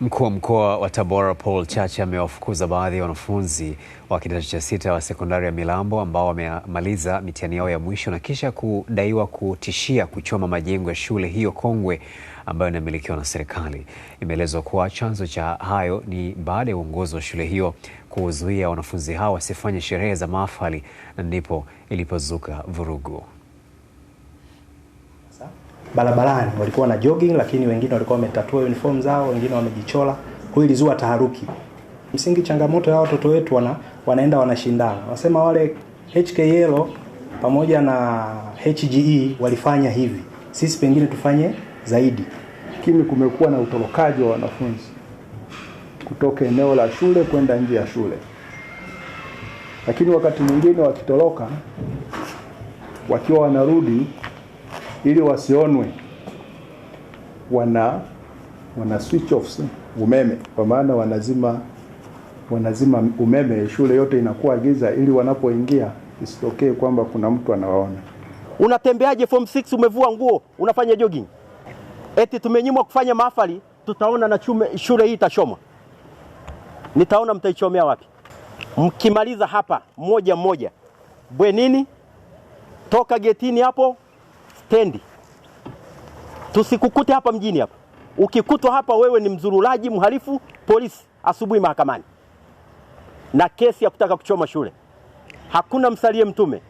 Mkuu wa mkoa wa Tabora Paul Chacha amewafukuza baadhi ya wanafunzi wa kidato cha sita wa sekondari ya Milambo ambao wamemaliza mitihani yao ya mwisho na kisha kudaiwa kutishia kuchoma majengo ya shule hiyo kongwe ambayo inamilikiwa na serikali. Imeelezwa kuwa chanzo cha hayo ni baada ya uongozi wa shule hiyo kuzuia wanafunzi hao wasifanye sherehe za mahafali na ndipo ilipozuka vurugu kabisa barabarani, walikuwa na jogging, lakini wengine walikuwa wametatua uniform zao, wengine wamejichola. Huyu ilizua taharuki. Msingi changamoto ya watoto wetu wana, wanaenda wanashindana, wasema wale HKL pamoja na HGE walifanya hivi, sisi pengine tufanye zaidi. Lakini kumekuwa na utorokaji wa wanafunzi kutoka eneo la shule kwenda nje ya shule, lakini wakati mwingine wakitoroka wakiwa wanarudi ili wasionwe wana wana switch offs umeme, kwa maana wanazima wanazima umeme, shule yote inakuwa giza, ili wanapoingia isitokee kwamba kuna mtu anawaona. Unatembeaje form 6 umevua nguo unafanya jogging? Eti tumenyimwa kufanya mahafali, tutaona na chume, shule hii itachomwa. Nitaona mtaichomea wapi? Mkimaliza hapa moja moja, bwenini, toka getini hapo stendi, tusikukute hapa mjini hapa. Ukikutwa hapa wewe ni mzurulaji, mhalifu, polisi, asubuhi mahakamani na kesi ya kutaka kuchoma shule. Hakuna msalie mtume.